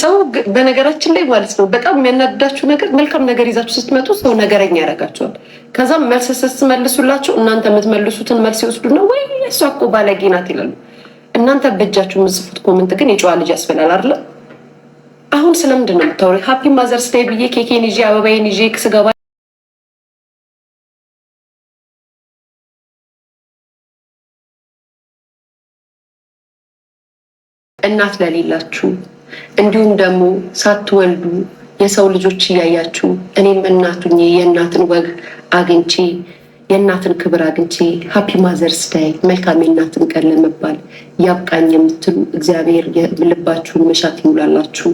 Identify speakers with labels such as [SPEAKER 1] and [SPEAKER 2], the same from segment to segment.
[SPEAKER 1] ሰው በነገራችን ላይ ማለት ነው በጣም የሚያናድዳችሁ ነገር መልካም ነገር ይዛችሁ ስትመጡ ሰው ነገረኛ ያደርጋቸዋል። ከዛም መልስ ስትመልሱላቸው እናንተ የምትመልሱትን መልስ ነው ወይ እሷ እኮ ባለጌ ናት ይላሉ። እናንተ በእጃችሁ የምጽፉት ኮመንት ግን የጨዋ ልጅ ያስበላል አለ። አሁን ስለምንድን ነው የምታወሪ? ሀፒ ማዘርስ ዴይ ብዬ ኬኬን ይዤ አበባዬን ይዤ ስገባ እናት ለሌላችሁ እንዲሁም ደግሞ ሳትወልዱ የሰው ልጆች እያያችሁ እኔም እናቱኝ የእናትን ወግ አግኝቼ የእናትን ክብር አግኝቼ ሀፒ ማዘርስ ዳይ መልካም የእናትን ቀን ለመባል ያብቃኝ የምትሉ እግዚአብሔር ልባችሁን መሻት ይሙላላችሁ።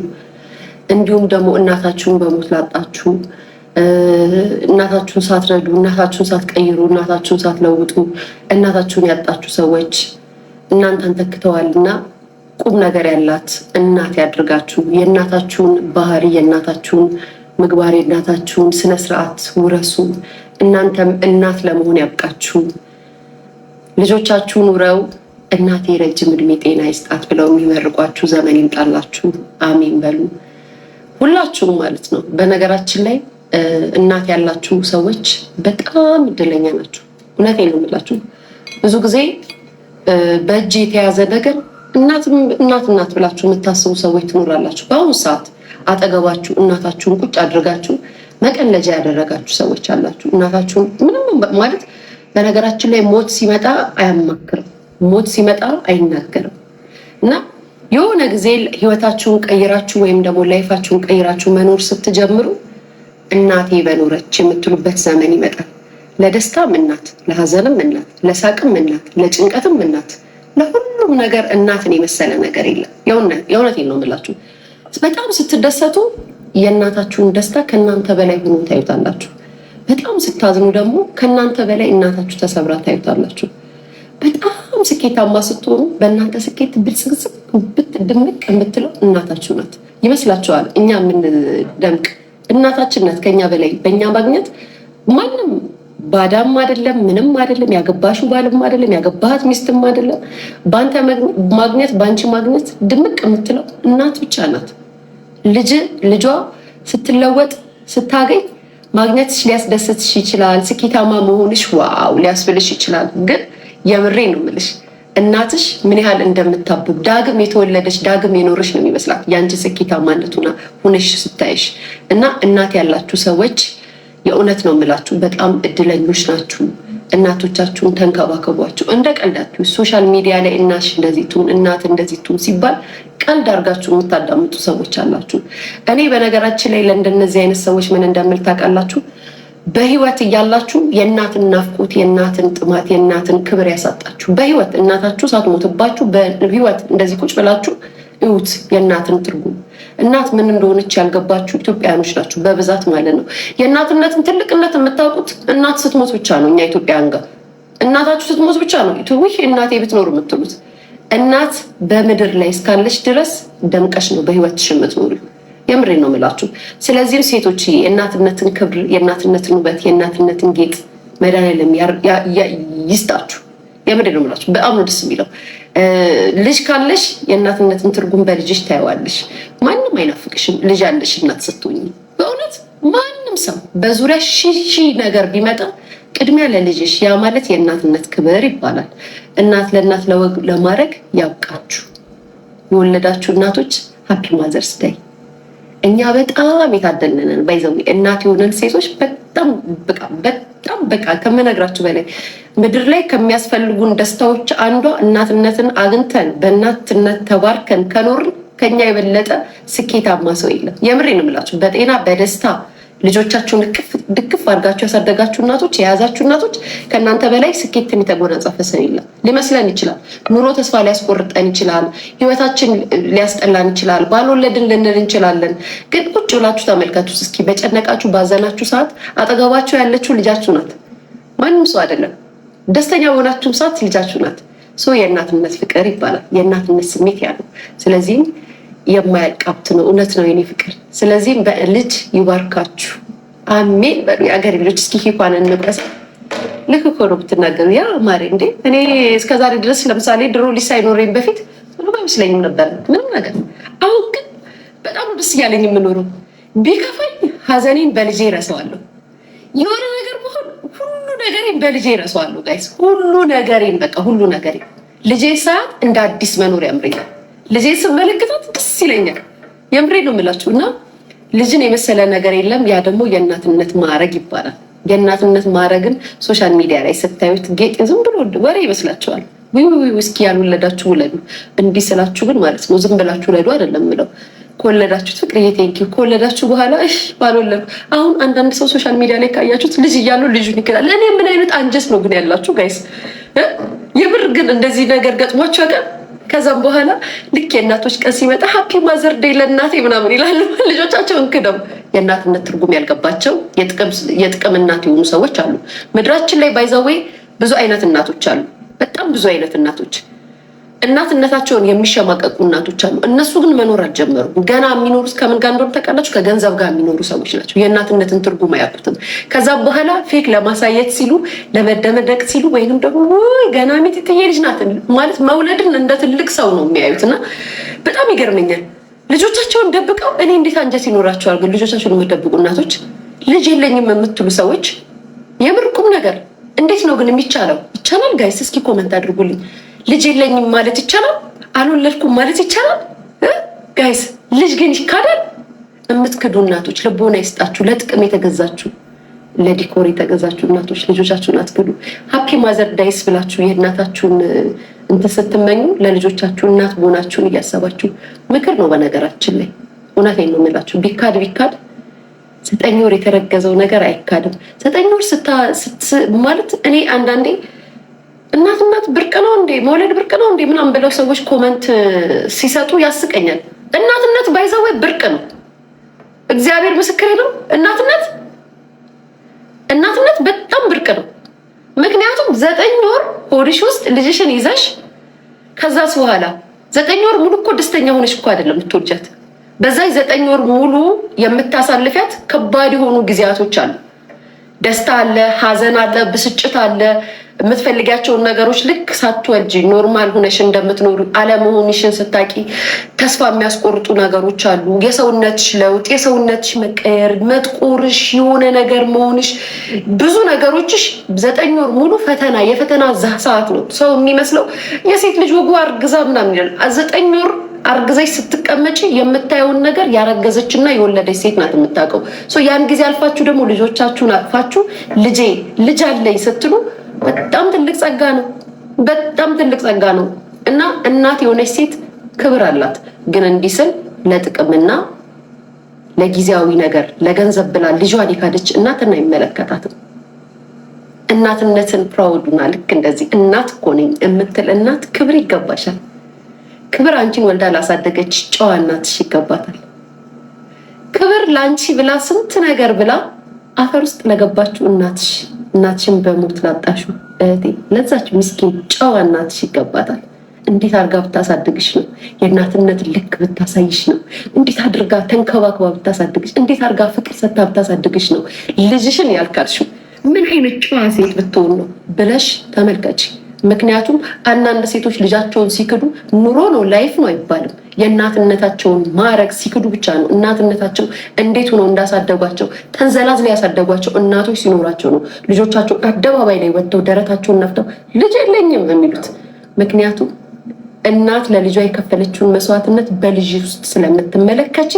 [SPEAKER 1] እንዲሁም ደግሞ እናታችሁን በሞት ላጣችሁ እናታችሁን ሳትረዱ፣ እናታችሁን ሳትቀይሩ፣ እናታችሁን ሳትለውጡ እናታችሁን ያጣችሁ ሰዎች እናንተን ተክተዋልና ቁም ነገር ያላት እናት ያድርጋችሁ። የእናታችሁን ባህሪ፣ የእናታችሁን ምግባር፣ የእናታችሁን ስነ ስርዓት ውረሱ። እናንተም እናት ለመሆን ያብቃችሁ። ልጆቻችሁን ውረው እናቴ ረጅም እድሜ ጤና ይስጣት ብለው የሚመርቋችሁ ዘመን ይምጣላችሁ፣ አሜን በሉ ሁላችሁም ማለት ነው። በነገራችን ላይ እናት ያላችሁ ሰዎች በጣም እድለኛ ናችሁ። እውነቴን ነው የምላችሁ። ብዙ ጊዜ በእጅ የተያዘ ነገር እናት እናት ብላችሁ የምታስቡ ሰዎች ትኖራላችሁ። በአሁኑ ሰዓት አጠገባችሁ እናታችሁን ቁጭ አድርጋችሁ መቀለጃ ያደረጋችሁ ሰዎች አላችሁ። እናታችሁን ምንም ማለት በነገራችን ላይ ሞት ሲመጣ አያማክርም፣ ሞት ሲመጣ አይናገርም እና የሆነ ጊዜ ህይወታችሁን ቀይራችሁ ወይም ደግሞ ላይፋችሁን ቀይራችሁ መኖር ስትጀምሩ እናቴ በኖረች የምትሉበት ዘመን ይመጣል። ለደስታም እናት፣ ለሀዘንም እናት፣ ለሳቅም እናት፣ ለጭንቀትም እናት ለሁሉም ነገር እናትን የመሰለ ነገር የለም። የእውነት ነው የምላችሁ። በጣም ስትደሰቱ የእናታችሁን ደስታ ከእናንተ በላይ ሆኖ ታዩታላችሁ። በጣም ስታዝኑ ደግሞ ከእናንተ በላይ እናታችሁ ተሰብራ ታዩታላችሁ። በጣም ስኬታማ ስትሆኑ በእናንተ ስኬት ብልጽግጽግ ድምቅ የምትለው እናታችሁ ናት። ይመስላችኋል እኛ የምንደምቅ እናታችን ናት። ከኛ በላይ በእኛ ማግኘት ማንም ባዳም አይደለም፣ ምንም አይደለም፣ ያገባሹ ባልም አይደለም፣ ያገባሃት ሚስትም አይደለም። በአንተ ማግኘት በአንቺ ማግኘት ድምቅ የምትለው እናት ብቻ ናት። ልጅ ልጇ ስትለወጥ ስታገኝ ማግኘትሽ ሊያስደሰትሽ ይችላል። ስኬታማ መሆንሽ ዋው ሊያስብልሽ ይችላል። ግን የምሬ ነው የምልሽ እናትሽ ምን ያህል እንደምታብብ ዳግም የተወለደች ዳግም የኖረች ነው የሚመስላት ያንቺ ስኬታማነቱና ሁነሽ ስታይሽ እና እናት ያላችሁ ሰዎች የእውነት ነው የምላችሁ፣ በጣም እድለኞች ናችሁ። እናቶቻችሁን ተንከባከቧቸው። እንደ ቀልዳችሁ ሶሻል ሚዲያ ላይ እናሽ እንደዚህ ትሁን እናት እንደዚህ ትሁን ሲባል ቀልድ አድርጋችሁ የምታዳምጡ ሰዎች አላችሁ። እኔ በነገራችን ላይ ለእንደነዚህ አይነት ሰዎች ምን እንደምል ታውቃላችሁ? በህይወት እያላችሁ የእናትን ናፍቆት፣ የእናትን ጥማት፣ የእናትን ክብር ያሳጣችሁ። በህይወት እናታችሁ ሳትሞትባችሁ በህይወት እንደዚህ ቁጭ ብላችሁ እዩት የእናትን ትርጉም እናት ምን እንደሆነች ያልገባችሁ ኢትዮጵያኖች ናችሁ በብዛት ማለት ነው። የእናትነትን ትልቅነት የምታውቁት እናት ስትሞት ብቻ ነው። እኛ ኢትዮጵያን ጋር እናታችሁ ስትሞት ብቻ ነው ይህ እናቴ ብትኖር የምትሉት። እናት በምድር ላይ እስካለች ድረስ ደምቀሽ ነው በህይወትሽ የምትኖሪው። የምሬ ነው የምላችሁ። ስለዚህም ሴቶች የእናትነትን ክብር፣ የእናትነትን ውበት፣ የእናትነትን ጌጥ መድኃኒዓለም ይስጣችሁ። የምሬ ነው የምላችሁ። በጣም ነው ደስ የሚለው ልጅ ካለሽ የእናትነትን ትርጉም በልጅሽ ታየዋለሽ። ማንም አይናፍቅሽም። ልጅ አለሽ እናት ስትሆኝ። በእውነት ማንም ሰው በዙሪያ ሺሺ ነገር ቢመጣ ቅድሚያ ለልጅሽ። ያ ማለት የእናትነት ክብር ይባላል። እናት ለእናት ለወግ ለማድረግ ያብቃችሁ። የወለዳችሁ እናቶች ሀፒ ማዘርስ ደይ እኛ በጣም የታደልንን ባይዘው እናት የሆነን ሴቶች በጣም በቃ በጣም በቃ ከምነግራችሁ በላይ ምድር ላይ ከሚያስፈልጉን ደስታዎች አንዷ እናትነትን አግኝተን በእናትነት ተባርከን ከኖርን ከኛ የበለጠ ስኬታማ ሰው የለም። የምሬን እምላችሁ በጤና በደስታ ልጆቻችሁን ድክፍ አድርጋችሁ ያሳደጋችሁ እናቶች፣ የያዛችሁ እናቶች ከእናንተ በላይ ስኬትን የተጎናጸፈ ሰው የለም። ሊመስለን ይችላል። ኑሮ ተስፋ ሊያስቆርጠን ይችላል። ህይወታችን ሊያስጠላን ይችላል። ባልወለድን ልንል እንችላለን። ግን ቁጭ ብላችሁ ተመልከቱ እስኪ። በጨነቃችሁ ባዘናችሁ ሰዓት አጠገባችሁ ያለችው ልጃችሁ ናት፣ ማንም ሰው አይደለም። ደስተኛ በሆናችሁም ሰዓት ልጃችሁ ናት። የእናትነት ፍቅር ይባላል። የእናትነት ስሜት ያለው ስለዚህ የማያልቅ ሀብት ነው። እውነት ነው የኔ ፍቅር። ስለዚህም በልጅ ይባርካችሁ፣ አሜን በሉ። የአገር ልጆች እስኪ ሂኳን እንመቀስ። ልክ እኮ ነው ብትናገሩ። ያ ማሬ እንዴ እኔ እስከዛሬ ድረስ ለምሳሌ ድሮ ልጅ ሳይኖረኝ በፊት ምንም አይመስለኝም ነበር ምንም ነገር። አሁን ግን በጣም ደስ እያለኝ የምኖረው ቢከፋኝ ሀዘኔን በልጄ ረሰዋለሁ። የሆነ ነገር በሆን ሁሉ ነገሬን በልጄ ረሰዋለሁ። ጋይስ ሁሉ ነገሬን በቃ ሁሉ ነገሬን ልጄ ሰዓት እንደ አዲስ መኖር ያምረኛል። ልጄን ስመለከታት ደስ ይለኛል። የምሬ ነው የምላችሁ እና ልጅን የመሰለ ነገር የለም። ያ ደግሞ የእናትነት ማዕረግ ይባላል። የእናትነት ማዕረግን ሶሻል ሚዲያ ላይ ስታዩት ጌጥ ዝም ብሎ ወሬ ይመስላችኋል። ዊዊዊ እስኪ ያልወለዳችሁ ውለዱ። እንዲህ ስላችሁ ግን ማለት ነው ዝም ብላችሁ ውለዱ አይደለም ምለው ከወለዳችሁት ፍቅር ቴንኪው ከወለዳችሁ በኋላ ባልወለዱ። አሁን አንዳንድ ሰው ሶሻል ሚዲያ ላይ ካያችሁት ልጅ እያለው ልጁን ይክላል። እኔ ምን አይነት አንጀት ነው ግን ያላችሁ ጋይስ? የምር ግን እንደዚህ ነገር ገጥሟቸው ያውቃል? ከዛም በኋላ ልክ የእናቶች ቀን ሲመጣ ሀፒ ማዘር ዴይ ለእናቴ ምናምን ይላሉ። ልጆቻቸውን ክደው የእናትነት ትርጉም ያልገባቸው የጥቅም እናት የሆኑ ሰዎች አሉ። ምድራችን ላይ ባይዘዌ ብዙ አይነት እናቶች አሉ። በጣም ብዙ አይነት እናቶች እናትነታቸውን የሚሸማቀቁ እናቶች አሉ። እነሱ ግን መኖር አልጀመሩም። ገና የሚኖሩ ከምን ጋር እንደሆነ ታውቃላችሁ? ከገንዘብ ጋር የሚኖሩ ሰዎች ናቸው። የእናትነትን ትርጉም አያቁትም። ከዛ በኋላ ፌክ ለማሳየት ሲሉ፣ ለመደመደቅ ሲሉ ወይንም ደግሞ ገና ሚትትዬ ልጅ ናት ማለት መውለድን እንደ ትልቅ ሰው ነው የሚያዩት እና በጣም ይገርመኛል። ልጆቻቸውን ደብቀው እኔ እንዴት አንጀት ይኖራቸዋል? ግን ልጆቻቸውን የምደብቁ እናቶች፣ ልጅ የለኝም የምትሉ ሰዎች የምርቁም ነገር እንዴት ነው ግን የሚቻለው? ይቻላል ጋይስ፣ እስኪ ኮመንት አድርጉልኝ። ልጅ የለኝም ማለት ይቻላል? አልወለድኩም ማለት ይቻላል? ጋይስ ልጅ ግን ይካዳል። እምትክዱ እናቶች ልቦና ይስጣችሁ። ለጥቅም የተገዛችሁ ለዲኮር የተገዛችሁ እናቶች ልጆቻችሁን አትክዱ። ሀፒ ማዘር ዳይስ ብላችሁ የእናታችሁን እንትን ስትመኙ ለልጆቻችሁ እናት መሆናችሁን እያሰባችሁ ምክር ነው። በነገራችን ላይ እውነቴን ነው የምላችሁ፣ ቢካድ ቢካድ ዘጠኝ ወር የተረገዘው ነገር አይካድም። ዘጠኝ ወር ማለት እኔ አንዳንዴ እናት እናት ብርቅ ነው እንዴ መውለድ ብርቅ ነው እንዴ ምናምን ብለው ሰዎች ኮመንት ሲሰጡ ያስቀኛል። እናትነት ወይ ብርቅ ነው። እግዚአብሔር ምስክር ነው። እናትነት እናትነት በጣም ብርቅ ነው። ምክንያቱም ዘጠኝ ወር ሆድሽ ውስጥ ልጅሽን ይዘሽ ከዛስ በኋላ ዘጠኝ ወር ሙሉ እኮ ደስተኛ ሆነሽ እኮ አይደለም የምትወጃት። በዛ ዘጠኝ ወር ሙሉ የምታሳልፊያት ከባድ የሆኑ ጊዜያቶች አሉ። ደስታ አለ፣ ሀዘን አለ፣ ብስጭት አለ። የምትፈልጋቸውን ነገሮች ልክ ሳትወልጂ ኖርማል ሁነሽ እንደምትኖሩ አለመሆንሽን ስታቂ ተስፋ የሚያስቆርጡ ነገሮች አሉ። የሰውነትሽ ለውጥ፣ የሰውነትሽ መቀየር፣ መጥቆርሽ፣ የሆነ ነገር መሆንሽ፣ ብዙ ነገሮችሽ ዘጠኝ ወር ሙሉ ፈተና የፈተና ዛ ሰዓት ነው። ሰው የሚመስለው የሴት ልጅ ወጉ አርግዛ ምናምን ይላል። ዘጠኝ ወር አርግዘሽ ስትቀመጪ የምታየውን ነገር ያረገዘች እና የወለደች ሴት ናት የምታውቀው። ያን ጊዜ አልፋችሁ ደግሞ ልጆቻችሁን አቅፋችሁ ልጄ ልጅ አለኝ ስትሉ በጣም ትልቅ ጸጋ ነው። በጣም ትልቅ ጸጋ ነው እና እናት የሆነች ሴት ክብር አላት። ግን እንዲህ ስል ለጥቅምና ለጊዜያዊ ነገር ለገንዘብ ብላ ልጇን የካደች እናትና አይመለከታትም። እናትነትን ፕራውድና ልክ እንደዚህ እናት እኮ ነኝ የምትል እናት ክብር ይገባሻል። ክብር አንቺን ወልዳ ላሳደገች ጨዋ እናትሽ ይገባታል። ክብር ለአንቺ ብላ ስንት ነገር ብላ አፈር ውስጥ ለገባችሁ እናትሽ እናትሽን በሞት ላጣሹ እህቴ ለዛች ምስኪን ጨዋ እናትሽ ይገባታል። እንዴት አድርጋ ብታሳድግሽ ነው የእናትነት ልክ ብታሳይሽ ነው። እንዴት አድርጋ ተንከባክባ ብታሳድግሽ፣ እንዴት አድርጋ ፍቅር ሰታ ብታሳድግሽ ነው ልጅሽን ያልካልሽው። ምን አይነት ጨዋ ሴት ብትሆን ነው ብለሽ ተመልከች። ምክንያቱም አንዳንድ ሴቶች ልጃቸውን ሲክዱ ኑሮ ነው ላይፍ ነው አይባልም። የእናትነታቸውን ማዕረግ ሲክዱ ብቻ ነው። እናትነታቸው እንዴት ሆነው እንዳሳደጓቸው ተንዘላዝላ ያሳደጓቸው እናቶች ሲኖራቸው ነው ልጆቻቸው አደባባይ ላይ ወጥተው ደረታቸውን ነፍተው ልጅ የለኝም የሚሉት። ምክንያቱም እናት ለልጇ የከፈለችውን መስዋዕትነት በልጅ ውስጥ ስለምትመለከች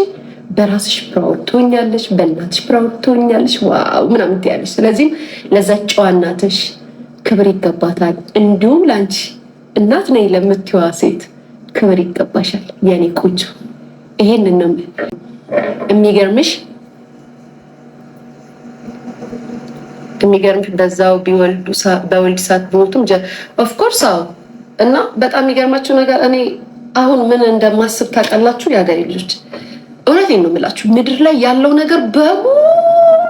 [SPEAKER 1] በራስሽ ፕራውድ ትሆኛለሽ፣ በእናትሽ ፕራውድ ትሆኛለሽ፣ ዋው ምናምን ትያለሽ። ስለዚህም ለዛ ጨዋ እናትሽ ክብር ይገባታል። እንዲሁም ለአንቺ እናት ነኝ ለምትዋ ሴት ክብር ይገባሻል የኔ ቆንጆ። ይሄን ነው የሚገርምሽ የሚገርምሽ በዛው በወልድ ሰዓት ቢሞቱም ኦፍኮርስ አዎ። እና በጣም የሚገርማችሁ ነገር እኔ አሁን ምን እንደማስብ ታውቃላችሁ? የሀገሬ ልጆች እውነቴን ነው የምላችሁ ምድር ላይ ያለው ነገር በሙሉ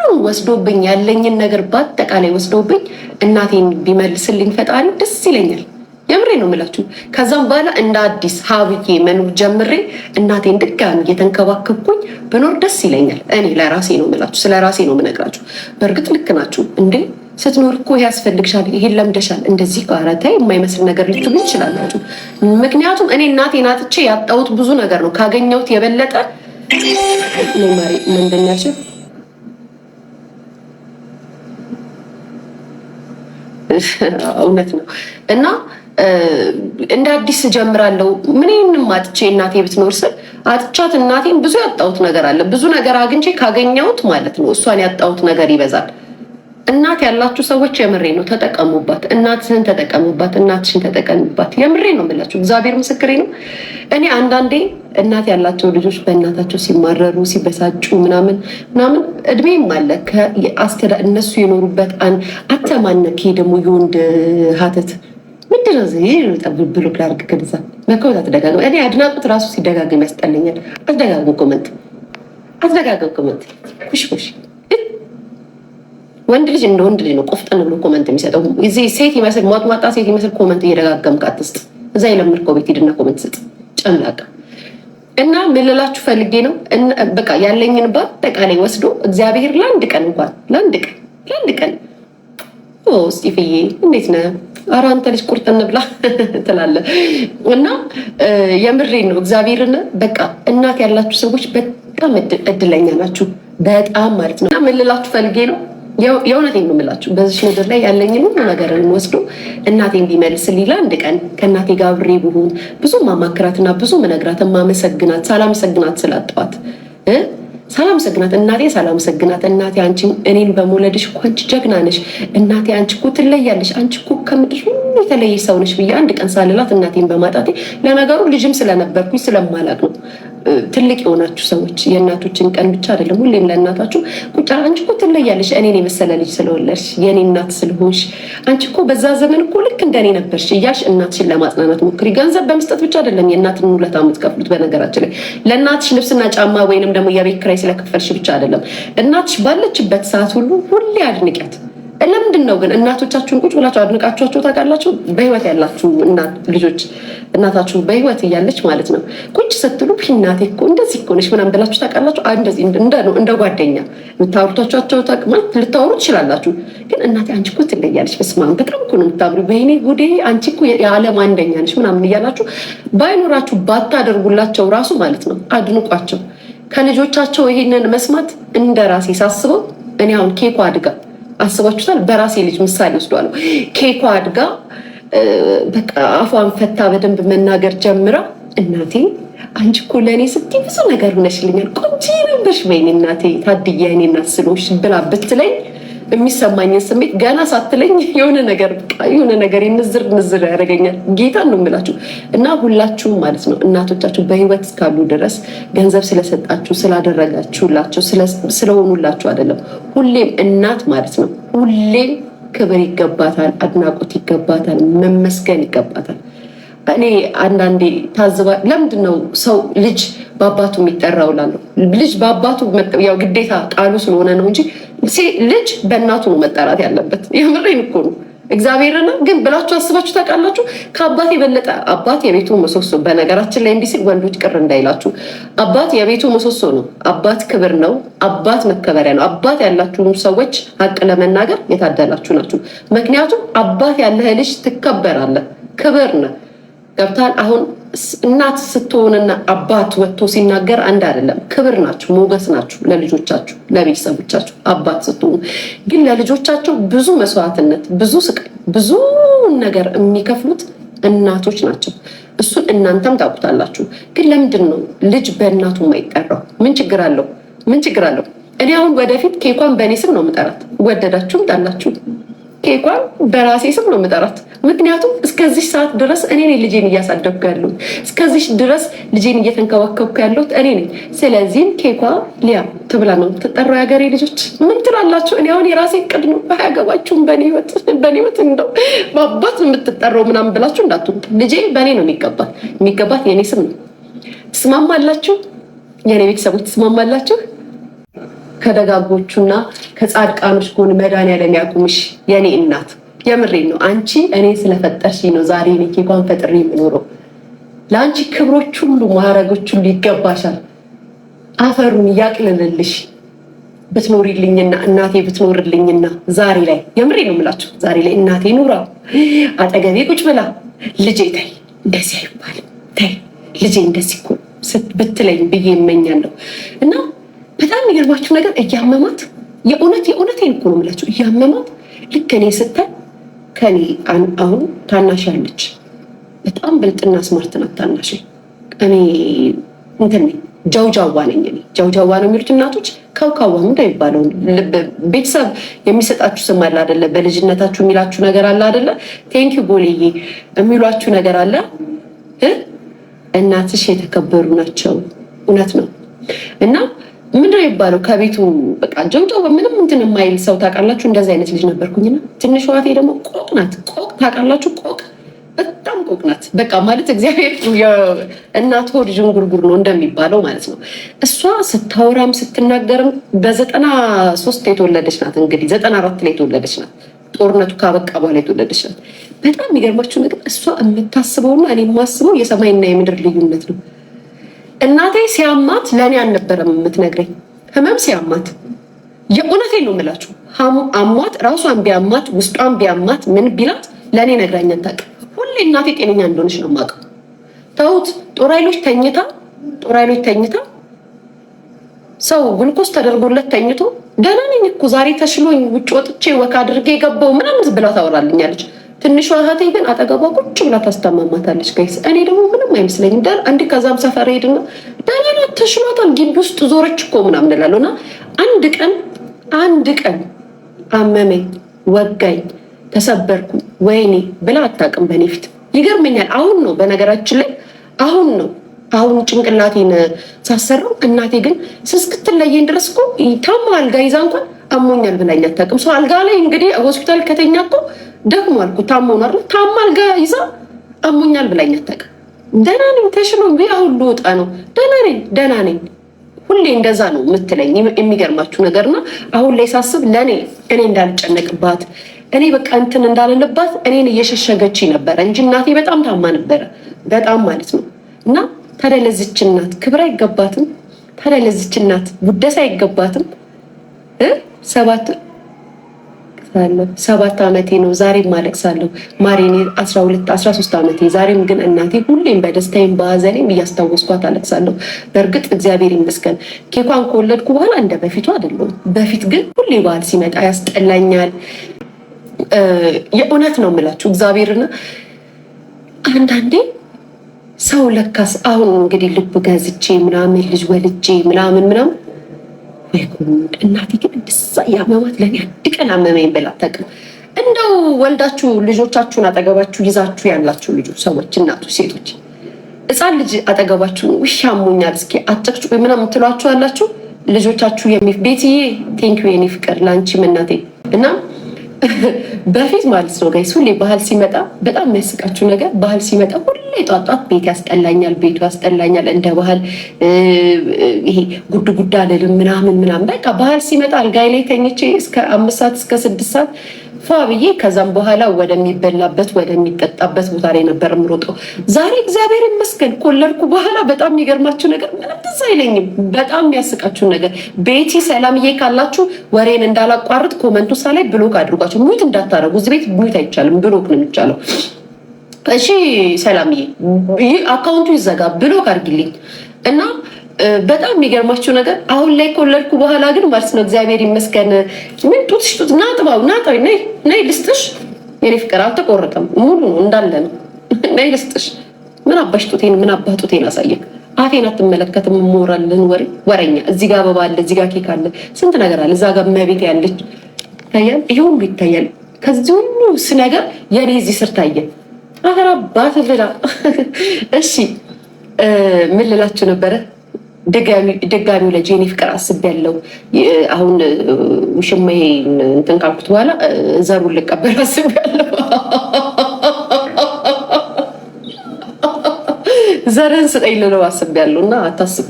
[SPEAKER 1] ሁሉ ወስዶብኝ ያለኝን ነገር በአጠቃላይ ወስዶብኝ እናቴን ቢመልስልኝ ፈጣሪ ደስ ይለኛል። የምሬ ነው የምላችሁ። ከዛም በኋላ እንደ አዲስ ሀብዬ መኖር ጀምሬ እናቴን ድጋሚ እየተንከባከብኩኝ ብኖር ደስ ይለኛል። እኔ ለራሴ ነው የምላችሁ፣ ስለ ራሴ ነው የምነግራችሁ። በእርግጥ ልክ ናችሁ እንዴ ስትኖር እኮ ያስፈልግሻል፣ ይሄን ለምደሻል፣ እንደዚህ ቃረታ የማይመስል ነገር ልትሉ ይችላላችሁ። ምክንያቱም እኔ እናቴን አጥቼ ያጣሁት ብዙ ነገር ነው ካገኘሁት የበለጠ ማሪ ምንድን ያልሽው እውነት ነው እና እንደ አዲስ ጀምራለሁ። ምንም አጥቼ እናቴ ብትኖር ስል አጥቻት እናቴን ብዙ ያጣሁት ነገር አለ። ብዙ ነገር አግኝቼ ካገኘሁት ማለት ነው እሷን ያጣሁት ነገር ይበዛል። እናት ያላችሁ ሰዎች የምሬ ነው ተጠቀሙባት። እናትህን ተጠቀሙባት፣ እናትሽን ተጠቀሙባት። የምሬ ነው የምላችሁ፣ እግዚአብሔር ምስክሬ ነው። እኔ አንዳንዴ እናት ያላቸው ልጆች በእናታቸው ሲማረሩ ሲበሳጩ ምናምን ምናምን እድሜም አለ እነሱ የኖሩበት አተማነኪ ደግሞ የወንድ ሀተት ምንድነው ብሎ ላርግ ከዛ መከወት አትደጋግም። እኔ አድናቁት ራሱ ሲደጋግም ያስጠለኛል። አትደጋግም ኮመንት፣ አትደጋግም ኮመንት። ኩሽ ወንድ ልጅ እንደ ወንድ ልጅ ነው ቆፍጠን ብሎ ኮመንት የሚሰጠው። እዚህ ሴት ይመስል ሟጥሟጣ ሴት ይመስል ኮመንት እየደጋገምክ አትስጥ። እዛ የለመድከው ቤት ሂድና ኮመንት ስጥ። ጨምላቀ እና ምልላችሁ ፈልጌ ነው። በቃ ያለኝን በአጠቃላይ ወስዶ እግዚአብሔር ለአንድ ቀን እንኳን ለአንድ ቀን ለአንድ ቀን እስጢፍዬ እንዴት ነ ኧረ አንተ ልጅ ቁርጥን ብላ ትላለ እና የምሬን ነው እግዚአብሔርን በቃ እናት ያላችሁ ሰዎች በጣም እድለኛ ናችሁ። በጣም ማለት ነው። እና ምልላችሁ ፈልጌ ነው የእውነት ነው የምላችሁ ምድር ላይ ያለኝን ሁሉ ነገርን ወስዶ እናቴ ቢመልስልኝ አንድ ቀን ከእናቴ ጋር አብሬ ብሆን ብዙ ማማክራትና ብዙ መነግራት ማመሰግናት ሳላመሰግናት ስላጠዋት ሰግናት እናቴ ሰግናት እናቴ አንቺ እኔን በመውለድሽ እኮ አንቺ ጀግና ነሽ፣ እናቴ አንቺ እኮ ትለያለሽ፣ አንቺ እኮ ከምድር ሁሉ የተለየሽ ሰው ነሽ ብዬ አንድ ቀን ሳልላት እናቴን በማጣቴ ለነገሩ ልጅም ስለነበርኩኝ ስለማላቅ ነው ትልቅ የሆናችሁ ሰዎች የእናቶችን ቀን ብቻ አይደለም ሁሌም ለእናታችሁ ቁጭ አንቺ እኮ ትለያለሽ፣ እኔን የመሰለ ልጅ ስለወለድሽ፣ የእኔ እናት ስለሆንሽ፣ አንቺ እኮ በዛ ዘመን እኮ ልክ እንደኔ ነበርሽ እያልሽ እናትሽን ለማጽናናት ሞክሪ። ገንዘብ በመስጠት ብቻ አይደለም የእናትን ውለታ የምትከፍሉት። በነገራችን ላይ ለእናትሽ ልብስና ጫማ ወይንም ደግሞ የቤት ክራይ ስለከፈልሽ ብቻ አይደለም። እናትሽ ባለችበት ሰዓት ሁሉ ሁሌ አድንቂያት። ለምንድን ነው ግን እናቶቻችሁን ቁጭ ብላችሁ አድንቃችኋቸው ታውቃላችሁ? በህይወት ያላችሁ ልጆች እናታችሁ በህይወት እያለች ማለት ነው ቁጭ ስትሉ እናቴ እኮ እንደዚህ እኮ ነች ምናምን ብላችሁ ታውቃላችሁ? እንደዚህ እንደ ጓደኛ የምታወሩቷቸው ልታወሩ ትችላላችሁ። ግን እናቴ አንቺ እኮ ትለያለች፣ በስመ አብ በጣም እኮ ነው የምታምሩ፣ በይኔ ጉዴ አንቺ እኮ የዓለም አንደኛ ነች ምናምን እያላችሁ ባይኖራችሁ ባታደርጉላቸው ራሱ ማለት ነው አድንቋቸው። ከልጆቻቸው ይሄንን መስማት እንደ ራሴ ሳስበው እኔ አሁን ኬኳ አድጋ አስባችሁታል? በራሴ ልጅ ምሳሌ ወስዷለሁ። ኬኳ አድጋ በቃ አፏን ፈታ በደንብ መናገር ጀምራ፣ እናቴ አንቺ እኮ ለእኔ ስትይ ብዙ ነገር ሆነሽልኛል፣ ቆንጆ ነበርሽ፣ ወይኔ እናቴ ታድያ፣ እኔ እናስሎሽ ብላ ብትለኝ የሚሰማኝን ስሜት ገና ሳትለኝ የሆነ ነገር የሆነ ነገር ንዝር ንዝር ያደርገኛል። ጌታ ነው የምላችሁ እና ሁላችሁም ማለት ነው እናቶቻችሁ በህይወት እስካሉ ድረስ ገንዘብ ስለሰጣችሁ ስላደረጋችሁላቸው ስለሆኑላችሁ አይደለም። ሁሌም እናት ማለት ነው ሁሌም ክብር ይገባታል፣ አድናቆት ይገባታል፣ መመስገን ይገባታል። እኔ አንዳንዴ ታዝባ ለምንድን ነው ሰው ልጅ በአባቱ የሚጠራው እላለሁ። ልጅ በአባቱ ያው ግዴታ ቃሉ ስለሆነ ነው እንጂ ልጅ በእናቱ ነው መጠራት ያለበት። የምሬን እኮ ነው። እግዚአብሔርን ግን ብላችሁ አስባችሁ ታውቃላችሁ? ከአባት የበለጠ አባት የቤቱ ምሰሶ። በነገራችን ላይ እንዲህ ሲል ወንዶች ቅር እንዳይላችሁ፣ አባት የቤቱ ምሰሶ ነው። አባት ክብር ነው። አባት መከበሪያ ነው። አባት ያላችሁ ሰዎች ሀቅ ለመናገር የታደላችሁ ናችሁ። ምክንያቱም አባት ያለህ ልጅ ትከበራለህ፣ ክብር ነው ገብታል። አሁን እናት ስትሆንና አባት ወጥቶ ሲናገር አንድ አይደለም። ክብር ናችሁ፣ ሞገስ ናችሁ ለልጆቻችሁ፣ ለቤተሰቦቻችሁ። አባት ስትሆኑ ግን ለልጆቻቸው ብዙ መስዋዕትነት፣ ብዙ ስቃይ፣ ብዙ ነገር የሚከፍሉት እናቶች ናቸው። እሱን እናንተም ታውቁታላችሁ። ግን ለምንድን ነው ልጅ በእናቱ የማይጠራው? ምን ችግር አለው? ምን ችግር አለው? እኔ አሁን ወደፊት ኬኳን በእኔ ስም ነው ምጠራት፣ ወደዳችሁም ጠላችሁ ኬኳን በራሴ ስም ነው የምጠራት። ምክንያቱም እስከዚህ ሰዓት ድረስ እኔ ነኝ ልጄን እያሳደግኩ ያለሁት። እስከዚህ ድረስ ልጄን እየተንከባከብኩ ያለሁት እኔ ነኝ። ስለዚህም ኬኳ ሊያ ትብላ ነው የምትጠራው። የሀገሬ ልጆች ምን ትላላችሁ? እኔ አሁን የራሴ ቅድ ነው። አያገባችሁም። በእኔ ህይወት እንደው በአባት የምትጠራው ምናምን ብላችሁ እንዳቱ ልጄ በእኔ ነው የሚገባት። የሚገባት የእኔ ስም ነው። ትስማማላችሁ? የእኔ ቤተሰቦች ትስማማላችሁ? ከደጋጎቹና ከጻድቃኖች ጎን መድኃኒዓለም ያቁምሽ የኔ እናት። የምሬን ነው። አንቺ እኔ ስለፈጠርሽ ነው ዛሬ እኔ ኬኳን ፈጥሬ የምኖረው። ለአንቺ ክብሮች ሁሉ ማዕረጎች ሁሉ ይገባሻል። አፈሩን እያቅልልልሽ ብትኖሪልኝና እናቴ ብትኖርልኝና ዛሬ ላይ የምሬ ነው የምላቸው ዛሬ ላይ እናቴ ኑራ አጠገቤ ቁጭ ብላ ልጄ ተይ እንደዚህ አይባልም ተይ ልጄ እንደዚህ ብትለኝ ብዬ እመኛለሁ እና በጣም የሚገርማችሁ ነገር እያመማት የእውነት የእውነት እኮ ነው የምላቸው እያመማት ልክ እኔ ስታይ ከኔ አሁን ታናሽ ያለች በጣም ብልጥና ስማርት ናት። ታናሽ እኔ እንትን ጃውጃዋ ነኝ እኔ ጃውጃዋ ነው የሚሉት እናቶች ከውካዋ እንዳይባለው ቤተሰብ የሚሰጣችሁ ስም አለ አደለ? በልጅነታችሁ የሚላችሁ ነገር አለ አደለ? ቴንኪው ቦሌዬ የሚሏችሁ ነገር አለ። እናትሽ የተከበሩ ናቸው። እውነት ነው እና ምንድነው የሚባለው? ከቤቱ በቃ ጀውጫ በምንም እንትን የማይል ሰው ታውቃላችሁ። እንደዚህ አይነት ልጅ ነበርኩኝና ትንሽ ዋቴ ደግሞ ቆቅ ናት። ቆቅ ታውቃላችሁ፣ ቆቅ በጣም ቆቅ ናት። በቃ ማለት እግዚአብሔር እናት ሆድ ዥንጉርጉር ነው እንደሚባለው ማለት ነው። እሷ ስታወራም ስትናገርም በዘጠና ሶስት የተወለደች ናት። እንግዲህ ዘጠና አራት ላይ የተወለደች ናት። ጦርነቱ ካበቃ በኋላ የተወለደች ናት። በጣም የሚገርማችሁ ነገር እሷ የምታስበውና እኔ የማስበው የሰማይና የምድር ልዩነት ነው። እናቴ ሲያማት ለእኔ አልነበረም የምትነግረኝ። ህመም ሲያማት የእውነቴ ነው የምላችሁ አሟት ራሷን ቢያማት ውስጧን ቢያማት ምን ቢላት ለእኔ ነግራኛን ታቅ ሁሌ እናቴ ጤነኛ እንደሆነች ነው የማውቀው። ተውት ጦር ኃይሎች ተኝታ ጦር ኃይሎች ተኝታ ሰው ግልኮስ ተደርጎለት ተኝቶ ደህና ነኝ እኮ ዛሬ ተሽሎኝ ውጭ ወጥቼ ወካ አድርጌ የገባው ምናምን ብላ ታወራልኛለች። ትንሿ እህቴ ግን አጠገቧ ቁጭ ብላ ታስታማማታለች። ጋይስ እኔ ደግሞ ምንም አይመስለኝም። ዳር አንድ ከዛም ሰፈር ሄድና ዳና ተሽሏታል፣ ግቢ ውስጥ ዞረች እኮ ምናምን እላለሁ እና አንድ ቀን አንድ ቀን አመመኝ፣ ወጋኝ፣ ተሰበርኩ፣ ወይኔ ብላ አታውቅም በእኔ ፊት። ይገርመኛል። አሁን ነው በነገራችን ላይ አሁን ነው አሁን ጭንቅላቴን ሳሰራው። እናቴ ግን እስክትለየኝ ድረስ እኮ ታማ አልጋ ይዛ እንኳን አሞኛል ብላኝ አታውቅም። ሰው አልጋ ላይ እንግዲህ ሆስፒታል ከተኛ እኮ ደግሞ አልኩ ታሞ ነው ታማል ይዛ አሞኛል ብላኝ አታውቅም። ደህና ነኝ ተሽሎኝ አሁን ልወጣ ነው ደህና ነኝ ደህና ነኝ ሁሌ እንደዛ ነው የምትለኝ። የሚገርማችሁ ነገርና አሁን ላይ ሳስብ ለእኔ እኔ እንዳልጨነቅባት እኔ በቃ እንትን እንዳልልባት እኔን እየሸሸገች ነበረ እንጂ እናቴ በጣም ታማ ነበረ በጣም ማለት ነው። እና ታዲያ ለዚች እናት ክብር አይገባትም? ታዲያ ለዚች እናት ውደስ አይገባትም? ሰባት አለቅሳለሁ። ሰባት ዓመቴ ነው፣ ዛሬም አለቅሳለሁ። ማሬኔ አስራ ሁለት አስራ ሶስት ዓመቴ ዛሬም ግን እናቴ ሁሌም በደስታይም በሀዘኔም እያስታወስኳት አለቅሳለሁ። በእርግጥ እግዚአብሔር ይመስገን ኬኳን ከወለድኩ በኋላ እንደ በፊቱ አይደለሁም። በፊት ግን ሁሌ በዓል ሲመጣ ያስጠላኛል። የእውነት ነው የምላችሁ እግዚአብሔርና አንዳንዴ ሰው ለካስ አሁን እንግዲህ ልብ ገዝቼ ምናምን ልጅ ወልጄ ምናምን ምናምን አይኩሩ። እናቴ ግን እንደዛ ያመማት ለእኔ አንድ ቀን አመመኝ ብላ አታውቅም። እንደው ወልዳችሁ ልጆቻችሁን አጠገባችሁ ይዛችሁ ያላችሁ ልጆች ሰዎች፣ እናቶች፣ ሴቶች ህፃን ልጅ አጠገባችሁ ውሻ አሞኛል እስኪ አጨቅጭ ምናምን ትሏችሁ አላችሁ ልጆቻችሁ ቤትዬ ቴንኪው የኔ ፍቅር ለአንቺም እናቴ እና በፊት ማለት ነው ጋይስ፣ ሁሌ ባህል ሲመጣ በጣም የሚያስቃችሁ ነገር ባህል ሲመጣ ሁሌ ጧጧት ቤት ያስጠላኛል፣ ቤቱ ያስጠላኛል። እንደ ባህል ይሄ ጉድ ጉድ አለልም ምናምን ምናምን። በቃ ባህል ሲመጣ አልጋይ ላይ ተኝቼ እስከ አምስት ሰዓት እስከ ስድስት ሰዓት ፏ ብዬ ከዛም በኋላ ወደሚበላበት ወደሚጠጣበት ቦታ ላይ ነበር የምሮጠው። ዛሬ እግዚአብሔር ይመስገን ኮለርኩ በኋላ በጣም የሚገርማችሁ ነገር ምንም ትዝ አይለኝም። በጣም የሚያስቃችሁን ነገር ቤቲ ሰላምዬ ካላችሁ ወሬን እንዳላቋርጥ ኮመንቱ ላይ ብሎክ አድርጓቸው። ሙት እንዳታረጉ እዚህ ቤት ሙት አይቻልም፣ ብሎክ ነው የሚቻለው። እሺ ሰላምዬ አካውንቱ ይዘጋ ብሎክ አድርግልኝ እና በጣም የሚገርማችሁ ነገር አሁን ላይ ከወለድኩ በኋላ ግን ማለት ነው እግዚአብሔር ይመስገን ምን ጡትሽ ጡት ናጥባው ናጠ ነይ ልስጥሽ የኔ ፍቅር አልተቆረጠም ሙሉ ነው እንዳለ ነው ነይ ልስጥሽ ምን አባሽ ጡቴን ምን አባ ጡቴን አሳየን አፌን አትመለከትም እሞራልን ወሬ ወረኛ እዚህ ጋር አበባ አለ እዚህ ጋር ኬክ አለ ስንት ነገር አለ እዛ ጋር መቤት ያለች ታያል፣ ይሄ ሁሉ ይታያል ከዚህ ሁሉ ስነገር የኔ እዚህ ስር ታየ አገራ ባትብላ እሺ ምን ልላችሁ ነበረ ደጋሚው ለጄኒ ፍቅር አስብ ያለው አሁን ውሽማዬ እንትን ካልኩት በኋላ ዘሩን ልቀበል አስብ ያለው ዘርን ስጠኝ ልለው አስብ ያለው እና አታስብ።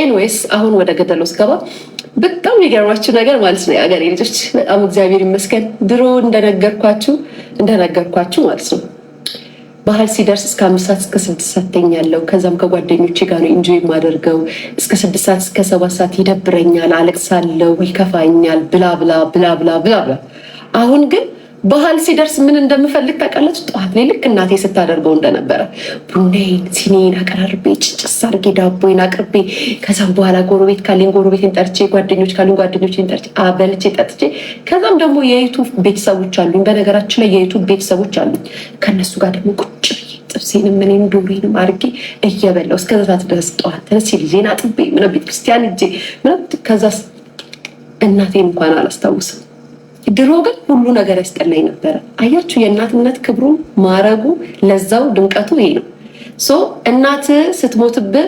[SPEAKER 1] ኤንዌይስ አሁን ወደ ገደለው ስገባ በጣም የገርማችሁ ነገር ማለት ነው የአገሬ ልጆች በጣም እግዚአብሔር ይመስገን ድሮ እንደነገርኳችሁ እንደነገርኳችሁ ማለት ነው ባህል ሲደርስ እስከ አምስት ሰዓት እስከ ስድስት ሰዓት ተኛለሁ። ከዛም ከጓደኞቼ ጋር ነው ኢንጆይ የማደርገው። እስከ ስድስት ሰዓት እስከ ሰባት ሰዓት ይደብረኛል፣ አለቅሳለሁ፣ ይከፋኛል፣ ብላ ብላ ብላ ብላ ብላ ብላ አሁን ግን ባህል ሲደርስ ምን እንደምፈልግ ታውቃለች። ጠዋት ላይ ልክ እናቴ ስታደርገው እንደነበረ ቡናዬን፣ ሲኒን አቀራርቤ ጭጭስ አድርጌ ዳቦዬን አቅርቤ ከዛም በኋላ ጎረቤት ካለኝ ጎረቤቴን ጠርቼ ጓደኞች ካሉኝ ጓደኞቼን ጠርቼ አበልቼ ጠጥቼ ከዛም ደግሞ የዩቱብ ቤተሰቦች አሉኝ። በነገራችን ላይ የዩቱብ ቤተሰቦች አሉኝ። ከእነሱ ጋር ደግሞ ቁጭ ብዬ ጥብሴንም ምንም ዶሬንም አድርጌ እየበላው እስከ ዘታት ድረስ ጠዋት ተነስቼ ልጄን አጥቤ ምናምን ቤተክርስቲያን እጄ ምናምን ከዛ እናቴን እንኳን አላስታውስም። ድሮ ግን ሁሉ ነገር ያስጠላኝ ነበረ። አያችሁ፣ የእናትነት ክብሩ ማረጉ፣ ለዛው ድምቀቱ ይሄ ነው። እናት ስትሞትብህ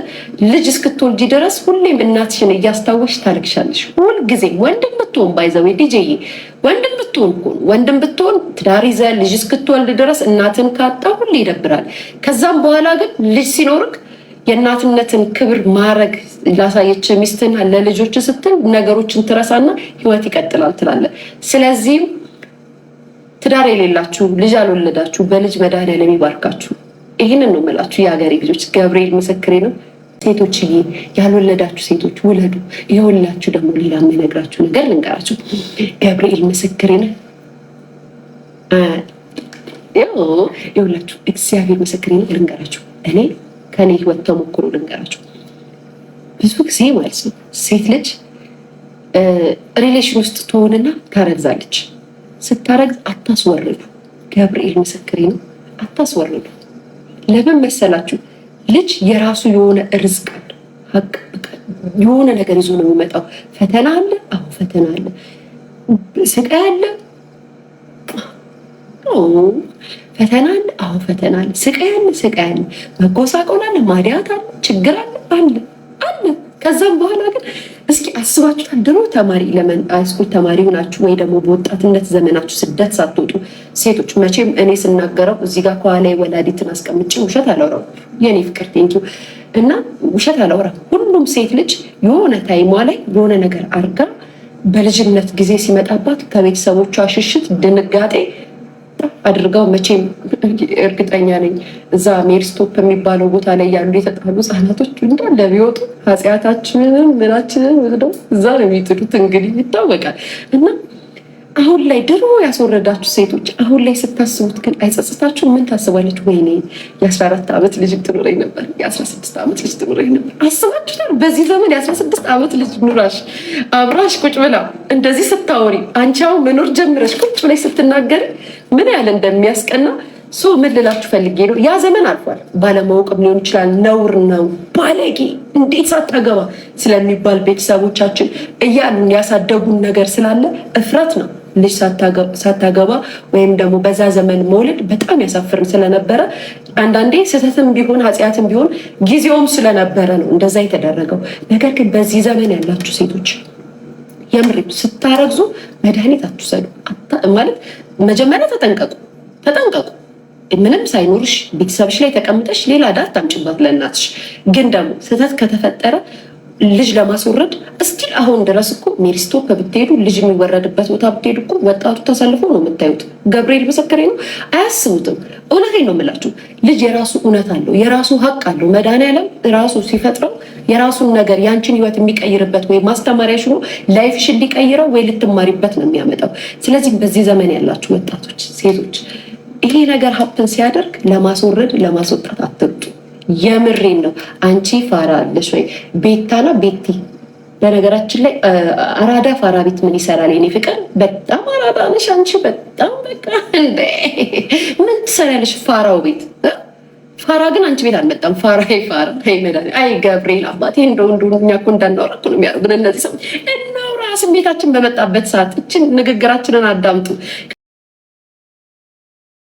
[SPEAKER 1] ልጅ እስክትወልጂ ድረስ ሁሌም እናትሽን እያስታወሽ ታልቅሻለሽ። ሁልጊዜ ወንድም ብትሆን ባይዘው ዲጄዬ ወንድም ብትሆን ሆኑ ወንድም ብትሆን ትዳር ይዘህ ልጅ እስክትወልድ ድረስ እናትን ካጣ ሁሌ ይደብራል። ከዛም በኋላ ግን ልጅ ሲኖርክ የእናትነትን ክብር ማድረግ ላሳየች ሚስትን ለልጆች ስትል ነገሮችን ትረሳና ህይወት ይቀጥላል ትላለ። ስለዚህም ትዳር የሌላችሁ ልጅ አልወለዳችሁ በልጅ መድኃኒዓለም ይባርካችሁ። ይህንን ነው የምላችሁ የሀገሬ ልጆች። ገብርኤል ምስክሬ ነው። ሴቶችዬ ያልወለዳችሁ ሴቶች ውለዱ። የወላችሁ ደግሞ ሌላ የሚነግራችሁ ነገር ልንገራችሁ። ገብርኤል ምስክሬ ነው። የወላችሁ እግዚአብሔር ምስክሬ ነው። ልንገራችሁ እኔ ከኔ ህይወት ተሞክሮ ልንገራቸው። ብዙ ጊዜ ማለት ነው ሴት ልጅ ሪሌሽን ውስጥ ትሆንና ታረግዛለች። ስታረግዝ አታስወርዱ፣ ገብርኤል ምስክሬ ነው። አታስወርዱ። ለምን መሰላችሁ? ልጅ የራሱ የሆነ ርዝቅ አለ፣ ሀቅ የሆነ ነገር ይዞ ነው የሚመጣው። ፈተና አለ፣ አሁ ፈተና አለ፣ ስቃይ አለ፣ ፈተና አለ። አዎ ፈተና አለ። ስቃይ አለ። ስቃይ አለ። መጎሳቆል አለ። ማዲያት አለ። ችግር አለ አለ አለ። ከዛም በኋላ ግን እስኪ አስባችሁ ድሮ ተማሪ ለመን ሃይስኩል ተማሪ ሆናችሁ ወይ ደግሞ በወጣትነት ዘመናችሁ ስደት ሳትወጡ ሴቶች፣ መቼም እኔ ስናገረው እዚህ ጋር ከኋላ ወላዲትን አስቀምጬ ውሸት አላወራም። የኔ ፍቅር ቴንኪ እና ውሸት አላወራም። ሁሉም ሴት ልጅ የሆነ ታይሟ ላይ የሆነ ነገር አርጋ በልጅነት ጊዜ ሲመጣባት ከቤተሰቦቿ ሽሽት ድንጋጤ አድርጋው መቼም እርግጠኛ ነኝ እዛ ሜርስቶፕ የሚባለው ቦታ ላይ ያሉ የተጣሉ ህጻናቶች እንዳለ ቢወጡ ኃጢአታችንን ምናችንን እዛ ነው የሚጥሉት። እንግዲህ ይታወቃል እና አሁን ላይ ድሮ ያስወረዳችሁ ሴቶች አሁን ላይ ስታስቡት ግን አይጸጽታችሁ? ምን ታስባለች? ወይኔ የ14 ዓመት ልጅ ትኖረኝ ነበር፣ የ16 ዓመት ልጅ ትኖረኝ ነበር። አስባችሁታል? በዚህ ዘመን የ16 ዓመት ልጅ ኑራሽ አብራሽ ቁጭ ብላ እንደዚህ ስታወሪ፣ አንቻው መኖር ጀምረሽ ቁጭ ብላይ ስትናገር ምን ያህል እንደሚያስቀና ሶ ምን ልላችሁ ፈልጌ ነው፣ ያ ዘመን አልፏል። ባለማወቅም ሊሆን ይችላል ነውር ነው ባለጌ እንዴት ሳታገባ ስለሚባል ቤተሰቦቻችን እያሉን ያሳደጉን ነገር ስላለ እፍረት ነው። ልጅ ሳታገባ ወይም ደግሞ በዛ ዘመን መውለድ በጣም ያሳፍርን ስለነበረ አንዳንዴ ስህተትም ቢሆን ኃጢአትም ቢሆን ጊዜውም ስለነበረ ነው እንደዛ የተደረገው። ነገር ግን በዚህ ዘመን ያላችሁ ሴቶች የምር ስታረግዙ መድኃኒት አትውሰዱ። ማለት መጀመሪያ ተጠንቀቁ፣ ተጠንቀቁ። ምንም ሳይኖርሽ ቤተሰብሽ ላይ ተቀምጠሽ ሌላ ዳር ታምጭባት ለእናትሽ። ግን ደግሞ ስህተት ከተፈጠረ ልጅ ለማስወረድ እስቲል አሁን ድረስ እኮ ሜሪስቶፕ ብትሄዱ ልጅ የሚወረድበት ቦታ ብትሄዱ እኮ ወጣቱ ተሰልፎ ነው የምታዩት። ገብርኤል መሰከሬ ነው። አያስቡትም። እውነቴን ነው የምላችሁ። ልጅ የራሱ እውነት አለው፣ የራሱ ሀቅ አለው። መድኃኒዓለም ራሱ ሲፈጥረው የራሱን ነገር ያንቺን ህይወት የሚቀይርበት ወይ ማስተማሪያ ሽኖ ላይፍሽ ሊቀይረው ወይ ልትማሪበት ነው የሚያመጣው። ስለዚህ በዚህ ዘመን ያላችሁ ወጣቶች፣ ሴቶች ይሄ ነገር ሀብትን ሲያደርግ ለማስወረድ ለማስወጣት አትብጡ። የምሬን ነው። አንቺ ፋራ አለሽ ወይ? ቤታና ቤቲ በነገራችን ላይ አራዳ ፋራ ቤት ምን ይሰራል? የኔ ፍቅር በጣም አራዳ ነሽ አንቺ። በጣም በቃ እንደ ምን ትሰሪያለሽ? ፋራው ቤት ፋራ ግን አንቺ ቤት አልመጣም። ፋራ ፋራ አይ ገብርኤል አባቴ እንደው እንዱ እኛ እኮ እንዳናወራ እኮ ነው የሚያደርጉን እነዚህ ሰዎች። እናውራ ስሜታችን በመጣበት ሰዓት እችን ንግግራችንን አዳምጡ።